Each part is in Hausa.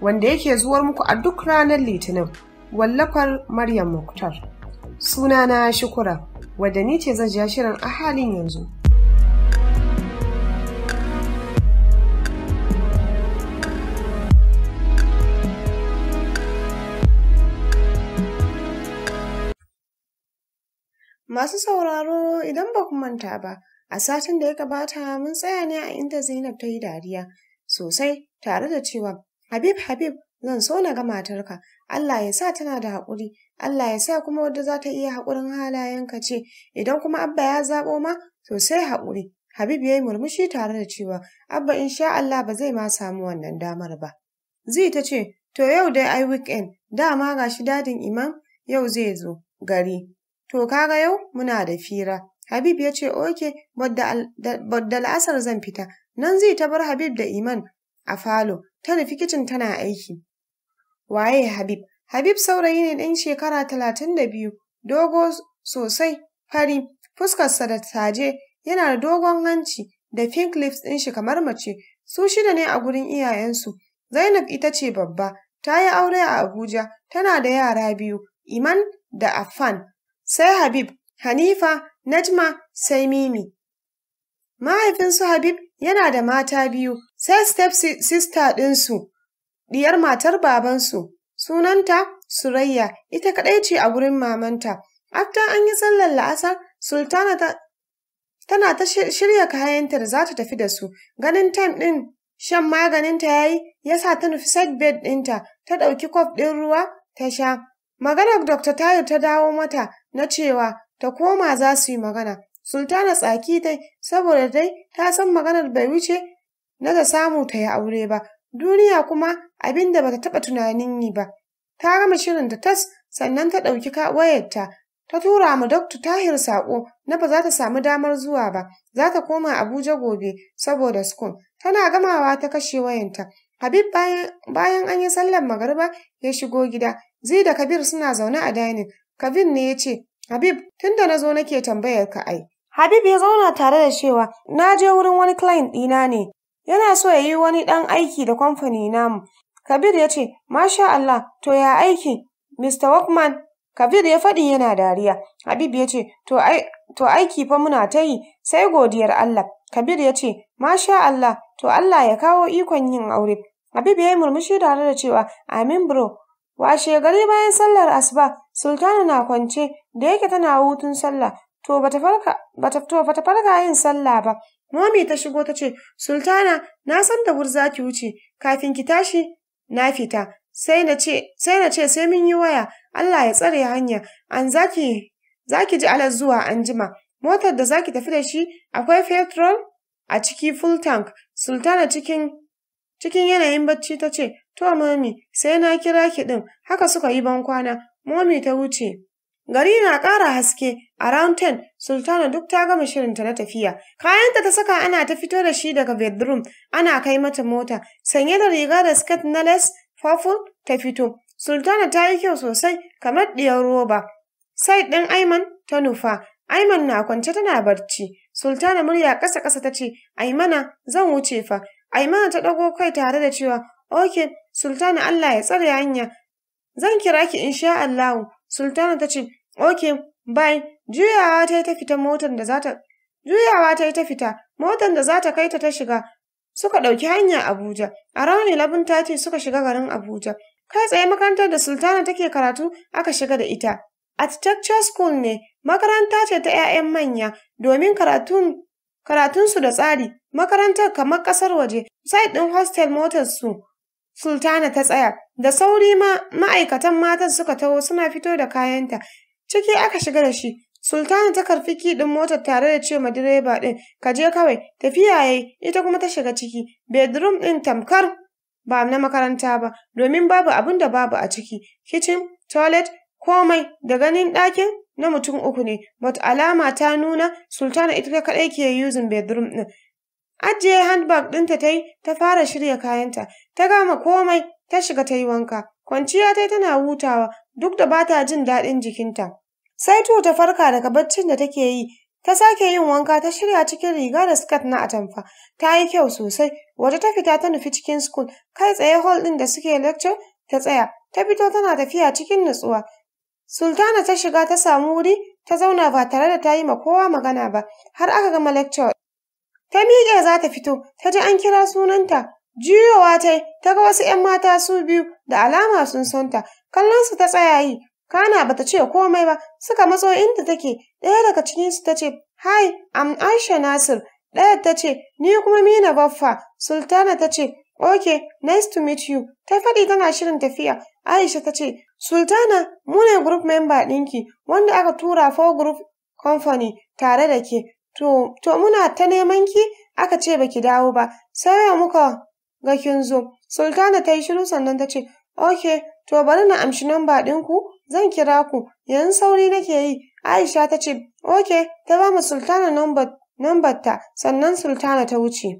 wanda yake zuwar muku a duk ranar litinin wallafar Maryam Muktar. na Shukura, wadda ni ce zan shirin a halin yanzu. Masu sauraro idan ba ku manta ba, a satin da ya gabata mun tsaya ne a inda Zainab ta yi dariya sosai tare da cewa Habib Habib zan so na ga matarka, Allah ya sa tana da haƙuri, Allah ya sa kuma wadda za ta iya haƙurin halayenka ce, idan kuma Abba ya zaɓo ma, to sai haƙuri. Habib ya yi murmushi tare da cewa, Abba in sha Allah ba zai ma samu wannan damar ba. Zai ta ce, to yau dai ai weekend, dama ga shi dadin iman yau zai zo gari. To kaga yau muna da fira. Habib ya ce, oke, bada la'asar zan fita, nan zai ta bar Habib da Iman a falo, ta nufi kicin tana aiki. Waye Habib? Habib saurayi ne ɗan shekara talatin da biyu, dogo sosai, fari, fuskarsa da taje, yana da dogon hanci da pink lips ɗin shi kamar mace, su shida ne a gurin iyayensu. Zainab ita ce babba, ta yi aure a Abuja, tana da yara biyu, Iman da Affan. Sai Habib, Hanifa, Najma, sai Mimi. Mahaifinsu Habib yana da mata biyu, sai step sister ɗinsu, ɗiyar matar babansu, sunanta Surayya, ita kaɗai ce a gurin mamanta. After an yi sallar la'asar, Sultana ta tana ta shirya kayanta da za ta tafi da su. Ganin time ɗin shan maganinta ya yi, ya sa ta nufi side bed ɗinta, ta ɗauki kwaf ɗin ruwa, ta sha. Maganar Dr. Tayo ta dawo mata na cewa ta koma za su yi magana. Sultana tsaki ta saboda dai ta san maganar bai wuce na da samu ta yi aure ba, duniya kuma abin da bata taɓa tunanin yi ba. Ta gama shirin ta tas sannan ta ɗauki wayarta ta tura mu Dokta Tahir saƙo na ba za ta samu damar zuwa ba, za ta koma Abuja gobe saboda sukun. Tana gamawa ta kashe wayanta. Habib bayan an yi sallar magariba ya shigo gida, Zai da Kabir suna zaune a dining. Kabir ne ya ce, Habib, tun da na zo nake tambayar ka ai. Habib ya zauna tare da cewa, na je wurin wani client ɗina ne, Yana so ya yi wani ɗan aiki da kamfani namu. Kabir ya ce, Masha Allah, to ya aiki, Mr. Walkman? Kabir ya faɗi yana dariya. Habib ya ce, to aiki fa muna ta yi, sai godiyar Allah. Kabir ya ce, Masha Allah, to Allah ya kawo ikon yin aure. Habib ya yi murmushi tare da cewa, Amin bro. Washe gari bayan sallar asuba, Sultana na kwance da yake tana hutun sallah, to bata farka yin sallah ba, Momi ta shigo ta ce, Sultana, na san da wuri za ki wuce, kafin ki tashi, na fita. Sai na ce, sai mun yi waya, Allah ya tsare hanya, an zaki, zaki ji alar zuwa anjima. Motar da zaki tafi da shi, akwai petrol a ciki full tank. Sultana cikin, yanayin bacci ta ce, To, Momi, sai na kira ki ɗin, haka suka yi ban kwana, Momi ta wuce. Gari na ƙara haske, a round 10, Sultana duk ta gama shirinta na tafiya. Kayanta ta saka ana ta fito da shi daga bedroom, ana kai mata mota, sanye da riga da skirt na les purple ta fito. Sultana ta yi kyau sosai, kamar ɗiyar roba. Sai ɗin Aiman ta nufa, Aiman na kwance tana barci. Sultana murya ƙasa-ƙasa ta ce, Aimana, zan wuce fa. Aimana ta ɗago kai tare da cewa, ok Sultana Allah ya tsare hanya. Zan kira ki insha Allahu. Sultana ta ce, Oke, bai, Juyawa ta yi ta fita motar da za ta Juyawa ta yi ta fita, motar da za ta kai ta ta shiga. Suka ɗauki hanya Abuja. A labin tati suka shiga garin Abuja. Kai tsaye makarantar da Sultana take karatu aka shiga da ita. Architecture School ne, makaranta ce ta 'ya'yan manya domin karatun su da tsari, makarantar kamar ƙasar waje, site ɗin hostel motarsu. Sultana ta tsaya, da sauri ma ma'aikatan matan suka taho suna fito da kayanta, Ciki aka shiga da shi. Sultana ta karfi ki ɗin motar tare da ce direba ɗin, ka je kawai, tafiya yayi, ita kuma ta shiga ciki. Bedroom ɗin tamkar ba na makaranta ba, domin babu abin da babu a ciki. Kitchen, toilet, komai da ganin ɗakin na mutum uku ne, but alama ta nuna Sultana ita kaɗai ke using bedroom ɗin. Ajiye handbag ɗinta ta yi ta fara shirya kayanta, ta gama komai ta shiga ta yi wanka, kwanciya ta tana hutawa duk da ba ta jin daɗin jikinta. Sai to ta farka daga baccin da take yi, ta sake yin wanka ta shirya cikin riga da skirt na atamfa. Ta yi kyau sosai, wata ta fita ta nufi cikin school, kai tsaye hall ɗin da suke lecture ta tsaya. Ta fito tana tafiya cikin nutsuwa. Sultana ta shiga ta samu wuri, ta zauna ba tare da ta yi ma kowa magana ba, har aka gama lecture. Ta miƙe za ta fito, ta ji an kira sunanta, Juyowa ta yi, ta ga wasu ‘yan mata su biyu da alama sun santa. Kallon su ta tsaya yi, Kana ba ta ce komai ba, suka matso inda take, ɗaya daga cikinsu ta ce, Hai, am Aisha Nasir, ɗaya ta ce, Ni kuma Mina Baffa, Sultana ta ce, Ok, nice to meet you, ta faɗi tana shirin tafiya, Aisha ta ce, Sultana, mune ne group member ɗinki, wanda aka tura for group company tare da ke, to, muna ta neman ki, aka ce baki dawo ba, sai muka ga kin zo. Sultana ta yi shiru sannan ta ce, Ok, to bari na amshi namba ɗinku zan kira ku, yanzu sauri nake yi. Aisha ta ce, Oke, ta ba mu Sultana nambar ta, sannan Sultana ta wuce.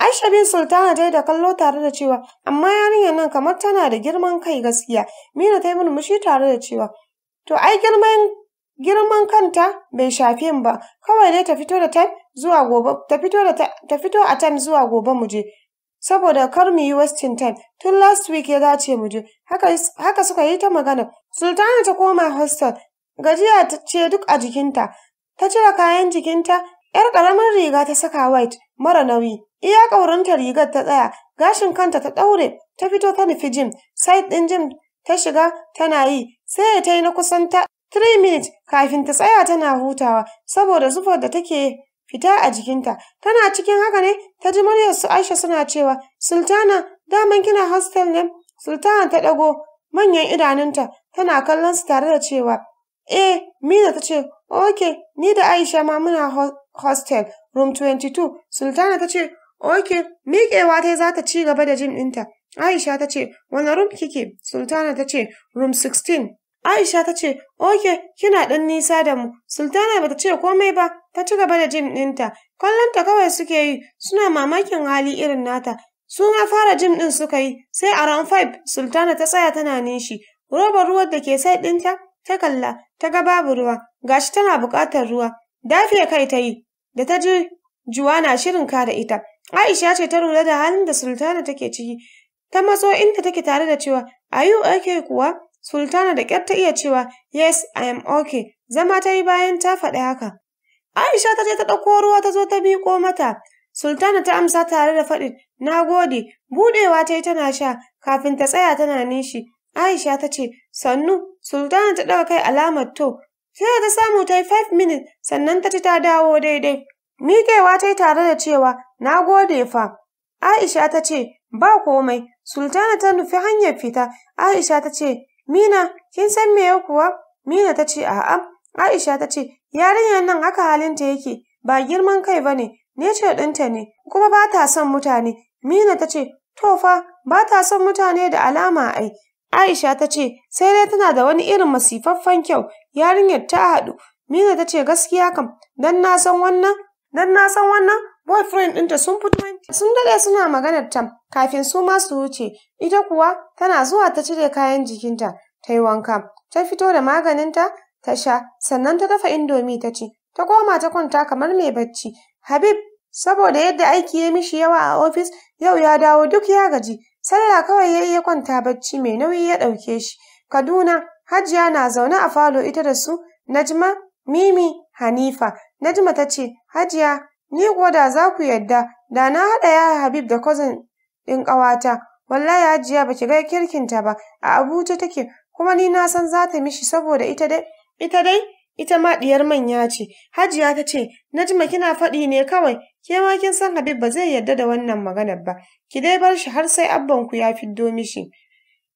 Aisha bin Sultana ta yi da kallo tare da cewa, amma yarinyar nan kamar tana da girman kai gaskiya. Mina ta yi murmushi tare da cewa, to ai girman girman kanta bai shafe ba, kawai ne ta fito da ta zuwa gobe, ta fito da ta fito a time zuwa gobe mu je. Saboda kar mu yi wasting time, tun last week ya dace mu je. haka suka yi ta magana, Sultana ta koma hostel, gajiya ce duk a jikinta, ta cire kayan jikinta, ‘yar ƙaramin riga ta saka white mara nauyi, iya ƙaurinta rigar ta tsaya, gashin kanta ta ɗaure, ta fito ta nufi jim, side ɗin jim ta shiga tana yi, sai ta yi na kusan ta 3 minutes kafin ta tsaya tana hutawa saboda zufar da take fita a jikinta. Tana cikin haka ne ta ji muryar su Aisha suna cewa, Sultana, daman kina hostel ne? Sultana ta ɗago, manyan idanunta tana kallon su tare da cewa, Eh, Mina ta ce, oke. ni da Aisha ma muna hostel, room 22. Sultana ta ce, oke. miƙewa ta za ta ci gaba da jin ɗinta. Aisha ta ce, wani room kike? Sultana ta ce, room 16. Aisha ta ce, "Oke, kina ɗan nisa da mu." Sultana bata ce komai ba, ta ci gaba da jim ɗinta. Kallonta kawai suke yi, suna mamakin hali irin nata. Su ma fara jin ɗin suka yi, sai a round five Sultana ta tsaya tana nishi, robar ruwan da ke sai ɗinta ta kalla, ta ga babu ruwa, Ga shi tana buƙatar ruwa. Dafiya kai ta yi, da ta ji juwana, na shirin ka da ita. Aisha ce ta lura da halin da Sultana take ciki, ta matso inda take tare da cewa, Are you okay kuwa? Sultana da kyar ta iya cewa, Yes, I am okay. Zama ta yi bayan ta faɗi haka. Aisha ta je ta ɗauko ruwa ta zo ta miƙo mata. Sultana ta amsa tare da faɗi. na gode, buɗewa ta yi tana sha, kafin ta tsaya tana nishi. Aisha ta ce, sannu, Sultana ta ɗaga kai alamar to. Sai ta samu ta yi five minutes, sannan ta ci ta dawo daidai. Miƙewa ta yi tare da cewa, na gode fa. Aisha ta ce, ba komai. Sultana ta nufi hanyar fita. Aisha ta ce, Mina, kin san me yau kuwa? Mina ta ce, a'a. Aisha ta ce, yarinyar nan haka halinta yake, ba girman kai ba ne, nece ɗinta ne, kuma ba ta son mutane. Mina ta ce, to fa, ba ta son mutane da alama ai. Aisha ta ce, sai dai tana da wani irin masifaffen kyau, yarinyar ta haɗu. Mina ta ce gaskiya kam, dan na san wannan, dan na san wannan, boyfriend ɗinta sun fito sun daɗe suna maganar ta kafin su ma su wuce, ita kuwa tana zuwa ta cire kayan jikinta, ta yi wanka, ta fito da maganinta, ta sha, sannan ta dafa indomi ta ci, ta koma ta kwanta kamar mai bacci, Habib, saboda yadda aiki ya mishi yawa a ofis, yau ya dawo duk ya gaji. Sallah kawai ya iya kwanta bacci mai nauyi ya ɗauke shi. Kaduna, Hajiya na zaune a falo ita da su, Najma, Mimi, Hanifa. Najma ta ce, Hajiya, ni kuwa da za ku yadda, da na haɗa ya Habib da cousin ɗin ƙawata. Wallahi Hajiya ba ki ga kirkinta ba, a Abuja take, kuma ni na san za ta mishi saboda ita dai, ita dai Ita ma diyar manya ce, Hajiya ta ce, Najma kina faɗi ne kawai, ke ma kin san Habib ba zai yarda da wannan maganar ba, ki dai bar shi har sai ku ya fiddo mishi.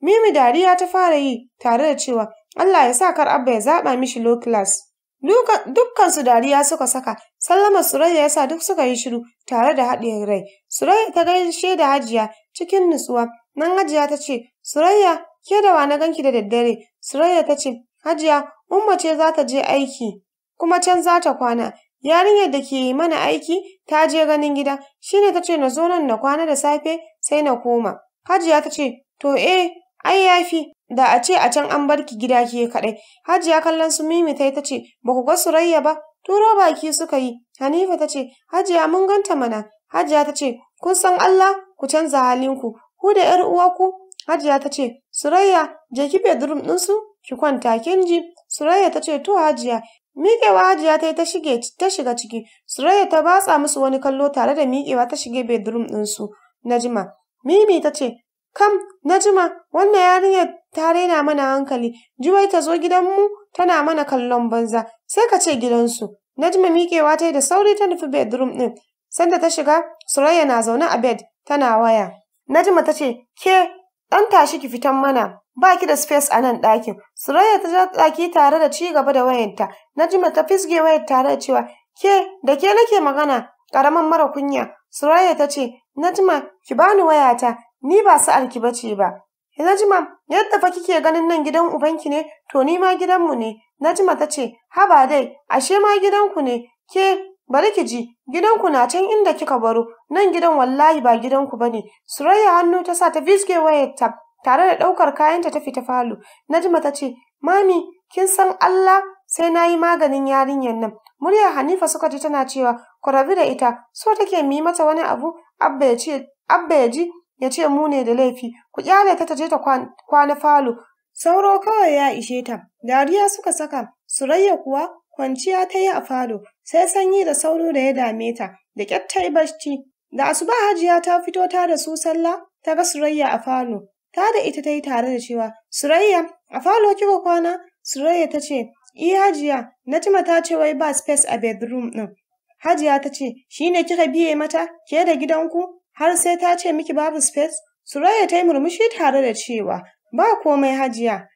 Mimi dariya ta fara yi tare da cewa Allah ya sa kar abba ya zaɓa mishi low class. Dukkansu dariya suka saka, sallama Surayya ya sa duk suka yi shiru tare da haɗin rai. Surayya ta gaishe da Hajiya cikin nutsuwa. Nan Hajiya ta ce, Surayya, ke da wa na ganki da daddare? Surayya ta ce, Hajiya, Umma ce za ta je aiki, kuma can za ta kwana. Yarinyar da ke mana aiki ta je ganin gida, shi ne ta ce na zo nan na kwana da safe sai na koma. Hajiya ta ce, to eh, ai yafi, da a ce a can an bar ki gida ke kaɗai. Hajiya kallon su Mimi ta ta ce, ba ku ga Surayya ba, turo baki suka yi. Hanifa ta ce, Hajiya mun ganta mana. Hajiya ta ce, kun san Allah ku canza halinku, ku da ‘yar uwa ku? Hajiya ta ce, Surayya, je ki bedroom su? ki kwanta kin ji. Suraya ta ce, To Hajiya, miƙewa Hajiya ta yi ta shige ta shiga ciki. Suraya ta batsa musu wani kallo tare da miƙewa ta shige bedroom ɗinsu. Najima, Mimi ta ce, Kam, Najima, wannan yarinyar ta raina mana hankali. Juwai ta zo gidanmu tana mana kallon banza. Sai ka ce gidansu. Najma miƙewa ta yi da sauri ta nufi bedroom ɗin. Sanda ta shiga, Suraya na zaune a bed tana waya. Najma ta ce, Ke, ɗan tashi ki fitan mana, ba ki da space a nan ɗakin. Suraya ta ɗaki tare da ci gaba da wayanta. Najima ta fisge wayar tare da cewa, ke da ke nake magana, ƙaramin mara kunya. Suraya ta ce, Najima, ki bani wayata, ni ba sa'ar ki bace ba. Eh, Najima yadda fa kike ganin nan gidan ubanki ne, to ni ma gidanmu ne. Najima ta ce, haba dai, ashe ma gidanku ne, ke Bari ki ji, gidanku na can inda kika baro, nan gidan wallahi ba gidanku ba ne. Surayya hannu ta sa ta fiske wayarta tare da ɗaukar kayanta ta fita falo. Najma ta ce, Mami, kin san Allah sai na yi maganin yarinyar nan. murya Hanifa suka ji tana cewa, ku rabu da ita, so take mi mata wani abu, Abba ya ce, Abba ya ji, ya ce mu ne da laifi, ku kyale ta ta je ta kwana falo, Sauro kawai ya ishe ta, dariya suka saka, Surayya kuwa kwanciya ta yi a falo, sai sanyi da sauro da ya dame ta, da kyattai barci. Da asuba hajiya ta fito ta da su sallah, ta ga Surayya a falo. Ta da ita ta yi tare da cewa, Surayya, a falo kika kwana? Surayya ta ce, I eh, hajiya, na Najma ta ce wai ba space a bedroom ɗin. Hajiya ta ce, shi ne kika biye mata, ke da gidanku, har sai ta ce miki babu space? Surayya ta yi murmushi tare da cewa, Ba komai Hajiya,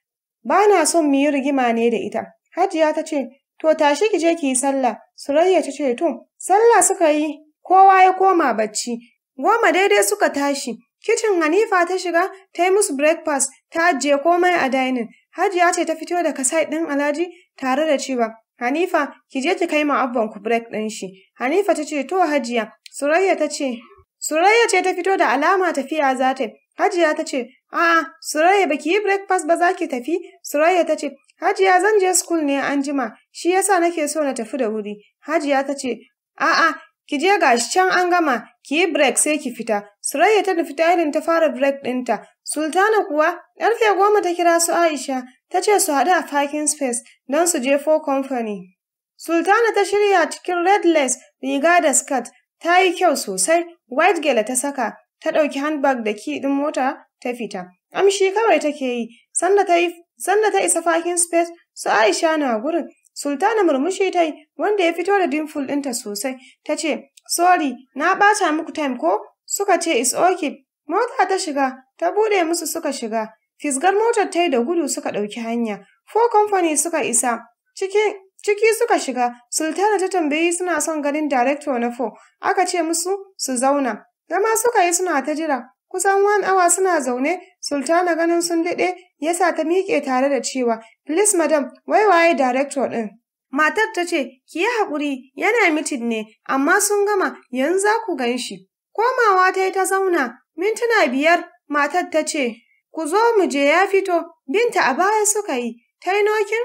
ba na son mu yi rigima ne da ita. Hajiya ta ce, To tashi ki je ki yi sallah. Surayya ta ce, To, sallah suka yi, kowa ya koma bacci. Goma daidai suka tashi. Kicin Hanifa ta shiga, ta yi musu breakfast, ta ajiye komai a dainin Hajiya ce ta fito daga kasai ɗin Alhaji tare da cewa, Hanifa, ki je ki kai ma abban ku break ɗin shi. Hanifa ta ce, To Hajiya, Surayya ta ce, Surayya ce ta fito da alama tafiya za ta Hajiya ta ce, A'a, Suraya baki yi breakfast ba za ki tafi? Suraya ta ce, Hajiya zan je school ne an jima, shi yasa nake so na tafi da wuri. Hajiya ta ce, A'a, ki je ga shi can an gama, ki yi break sai ki fita. Suraya ta nufi irin ta fara break ɗinta. Sultana kuwa, ƙarfe goma ta kira su Aisha, ta ce su haɗu a parking space don su je for company. Sultana ta shirya cikin red lace, riga da skirt, ta yi kyau sosai, white gele ta saka, ta ɗauki handbag da ki ɗin mota ta fita. Amshi kawai take yi, sanda ta isa fakin space su Aisha na gurin. Sultana murmushi ta yi wanda ya fito da dimful ɗinta sosai. Ta ce, Sorry, na ɓata muku time ko? Suka ce, It's okay. Mota ta shiga, ta buɗe musu suka shiga. Fisgar motar ta yi da gudu suka ɗauki hanya. Four company suka isa. Ciki suka shiga, Sultana ta tambayi suna son ganin director na fo, aka ce musu su zauna. Zama suka yi suna ta jira, Kusan wan awa suna zaune, Sultana ganin sun daɗe, ya sa ta miƙe tare da cewa, Please madam, wai waye director ɗin? Matar ta ce, Ki yi haƙuri, yana mitin ne, amma sun gama, yanzu za ku gan shi. Komawa ta yi ta zauna, mintuna biyar, matar ta ce, Ku zo mu je ya fito, binta a baya suka yi, ta yi nokin?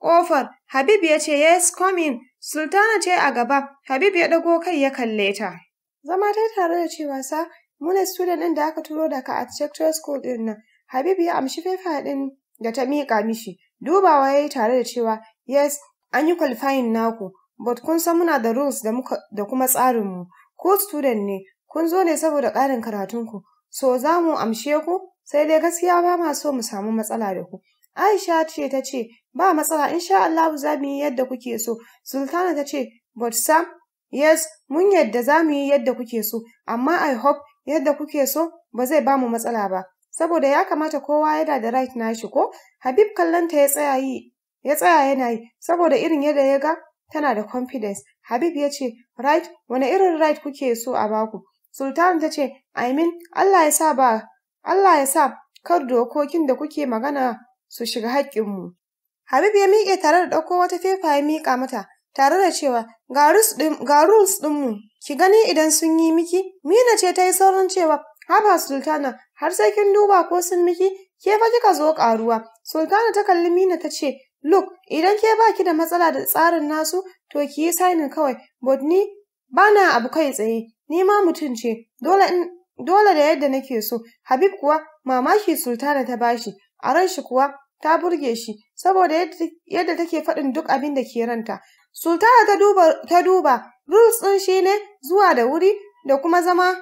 Ƙofar, Habib ya ce, Yes, coming. Sultana ce a gaba, Habib ya ɗago kai ya kalle ta. Zama ta tare da cewa sa, Muna student ɗin da aka turo daga architectural school ɗin nan. Habibu ya amshi fefa ɗin da ta miƙa mishi. Dubawa ya yi tare da cewa yes an yi qualifying naku but kun san muna da rules da, da kuma tsarinmu. Ko student ne kun zo ne saboda ƙarin karatunku. So za mu amshe ku sai dai gaskiya ba ma so mu samu matsala da ku. Aisha ce ta ce ba matsala insha Allah za mu yi yadda kuke so. Sultana ta ce but Sam Yes, mun yadda za mu yi yadda kuke so, amma I hope yadda kuke so ba zai ba mu matsala ba. Saboda ya kamata kowa yana da right shi ko? Habib kallonta ya tsaya yi, ya tsaya yana yi, saboda irin yadda ya ga tana da confidence. Habib ya ce, right, wani irin right kuke so a baku? Sultan ta ce, I mean, Allah ya sa ba, Allah ya sa kar dokokin da kuke magana su shiga haƙƙinmu. Habib ya miƙe tare da ɗauko wata fefa ya miƙa mata, tare da cewa ga rules ɗinmu, ki gani idan sun yi miki, Mina ce ta yi saurin cewa, haba Sultana, har sai kin duba ko sun miki, ke fa kika zo karuwa?' Sultana ta kalli Mina ta ce, Look, idan ke ba ki da matsala da tsarin nasu, to ki yi signing kawai, but ni ba na abu kai tsaye, ni ma mutum ce, dole da yadda nake so. Habib kuwa mamaki Sultana ta bashi, a ran shi kuwa ta burge shi saboda yadda take faɗin duk abin da ke ranta. Sultana ta duba, ta duba, rules ɗin shi ne zuwa da wuri da kuma zama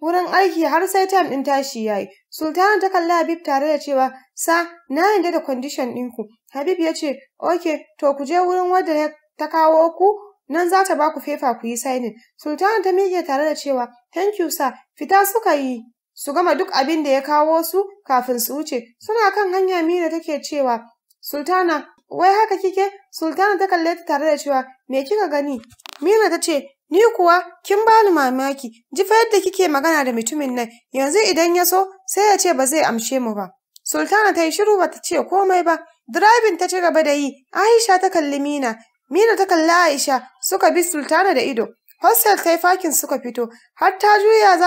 wurin aiki har sai time ɗin tashi ya yi. Sultana ta kalli Habib tare da cewa, sa, na yarda da condition ɗinku. Habib ya ce, ok, to ku je wurin wadda ta kawo ku, nan za ta ba ku fefa ku yi signing. Sultana ta miƙe tare da cewa, thank you sa, fita suka yi. Su gama duk abin da ya kawo su kafin su wuce, suna kan hanya Mira take cewa, Sultana, wai haka kike sultana ta kalle ta tare da cewa me kika gani mina ta ce ni kuwa kin bani mamaki ji fa yadda kike magana da mutumin nan yanzu idan ya so sai ya ce ba zai amshe mu ba sultana ta yi shiru ba ta ce komai ba driving ta ci gaba da yi aisha ta kalli mina mina ta kalli aisha suka bi sultana da ido hostel ta yi fakin suka fito har ta juya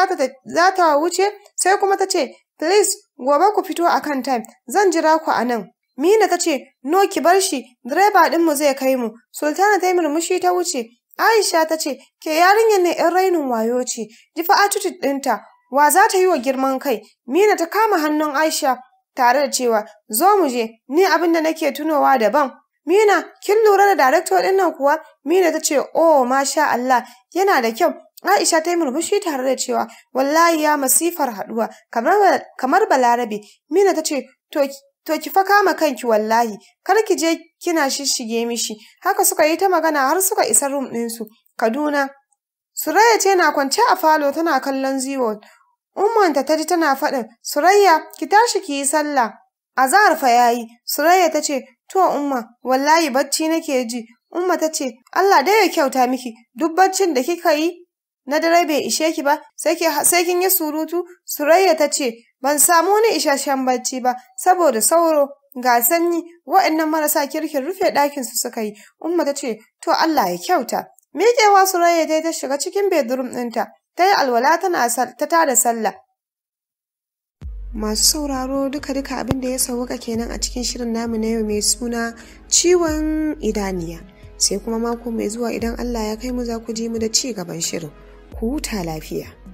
za ta wuce sai kuma ta ce please gobe ku fito akan time zan jira ku a nan Mina ta ce, No, ki bar shi, direba ɗinmu zai kai mu. Sultana ta yi murmushi ta wuce. Aisha ta ce, Ke yarinyar ne ‘yan rainin wayo ce, ji fa attitude ɗinta, wa za ta yi wa girman kai. Mina ta kama hannun Aisha tare da cewa, Zo mu je, ni abin da nake tunowa daban. Mina, kin lura da darakto ɗin nan kuwa? Mina ta ce, Oh, masha Allah, yana da kyau. Aisha ta yi murmushi tare da cewa, Wallahi ya masifar haɗuwa, kamar, kamar Balarabe. Mina ta ce, To, To ki fa kama kanki wallahi, kar ki je kina shishige mishi. Haka suka yi ta magana har suka isa room ɗinsu, Kaduna. Suraya ce na kwance a falo tana kallon ziwo. Umman ta ji tana faɗin, Suraya, ki tashi ki yi sallah. Azhar fa yayi, Suraya ta ce, to umma, wallahi bacci nake ji. Umma ta ce, Allah dai ya kyauta miki, duk baccin da kika yi na dare bai ishe ki ba, sai kin yi surutu. Suraya ta ce, Ban samu wani isasshen bacci ba saboda sauro ga sanyi wa'annan marasa kirkin rufe ɗakin su suka yi. Umma ta ce, To Allah ya kyauta. Miƙewa Surayya dai ta shiga cikin bedroom ɗinta, ta yi alwala tana ta tada sallah. Masu sauraro duka-duka abin da ya sauka kenan a cikin shirin namu na yau mai suna ciwon idaniya. Sai kuma mako mai zuwa idan Allah ya kai mu za ku ji mu da ci gaban shirin. Ku huta lafiya.